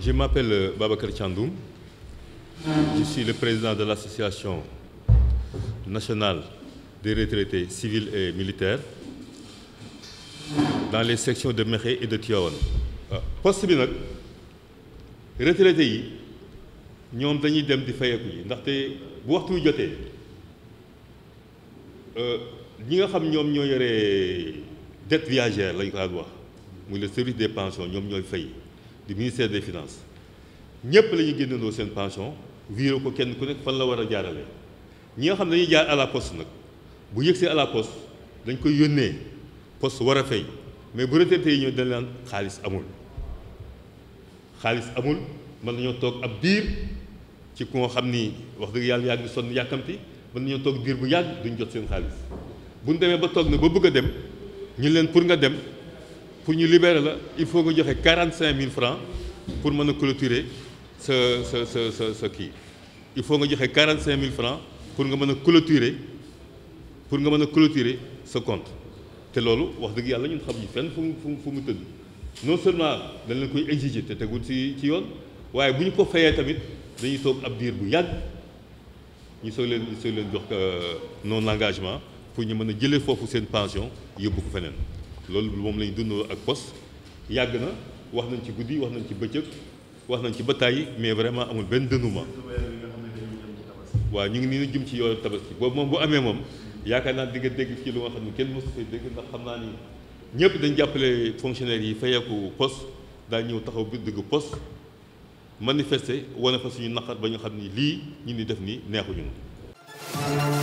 Je m'appelle euh, Babacar Thiandoum. Je suis le président de l'Association nationale des retraités civils et militaires dans les sections de Mekhe et de Tivaouane. Ah, poste bi nag retraités yi ñoom dañuy dem di fayeeku yi ndaxte bu waxtu jotee euh, ñi nga xam ñoom ñoo yore dette viagère lañ ko daan wax muy le service des pensions ñoom ñooy fay. du ministère des finance ñëpp la génnee génnandoo seen pension viré ko kenn ku nekk fan la war a jaarale ñi nga xam ne dañuy jaar à la poste nag bu yëgsee à la poste dañ koy yónnee poste war a fay mais bu retraité yi ñëw dañ xaalis amul xaalis amul mën nañoo toog ab biir ci ku nga xam ni wax dëgg yàlla yàgg ni sonn yàkkamti mën ñoo toog diir bu yàgg duñ jot seen xaalis buñ demee ba toog nag ba bëgg a dem ñu leen pour nga dem pour ñu libere la il faut nga joxe quarante cinq mille francs pour mën a clôturer sa sa sa sa sa kii il faut nga joxe quarante cinq mille francs pour nga mën a clôturer pour nga mën a clôturer sa compte te loolu wax dëgg yàlla ñun xam ñu fenn fu mu fu mu tëdd non seulement dañ leen koy exiger te tegul ci ci yoon waaye bu ñu ko fayee tamit dañuy toog ab diir bu yàgg ñu soog leen ñu soog leen jox euh, non engagement pour ñu mën a jëlee foofu seen pension yóbbu ko feneen. loolu bi moom lañu dund ak poste yàgg na wax nañ ci guddi wax nañ ci bëccëg wax nañ ci bataay mais vraiment amul benn dénouement waaw ñu ngi nii jëm ci yoolu tabaski boobu moom bu amee moom yaakaar naa di nga dégg ci lu nga xam ne kenn mosu fay dégg ndax xam naa ni ñëpp dañ jàppale fonctionnaire yi fayeeku poste daa ñëw taxaw bi dëgg poste manifester wane fa suñu naqar ba ñu xam ni lii ñu ni def ni neexuñu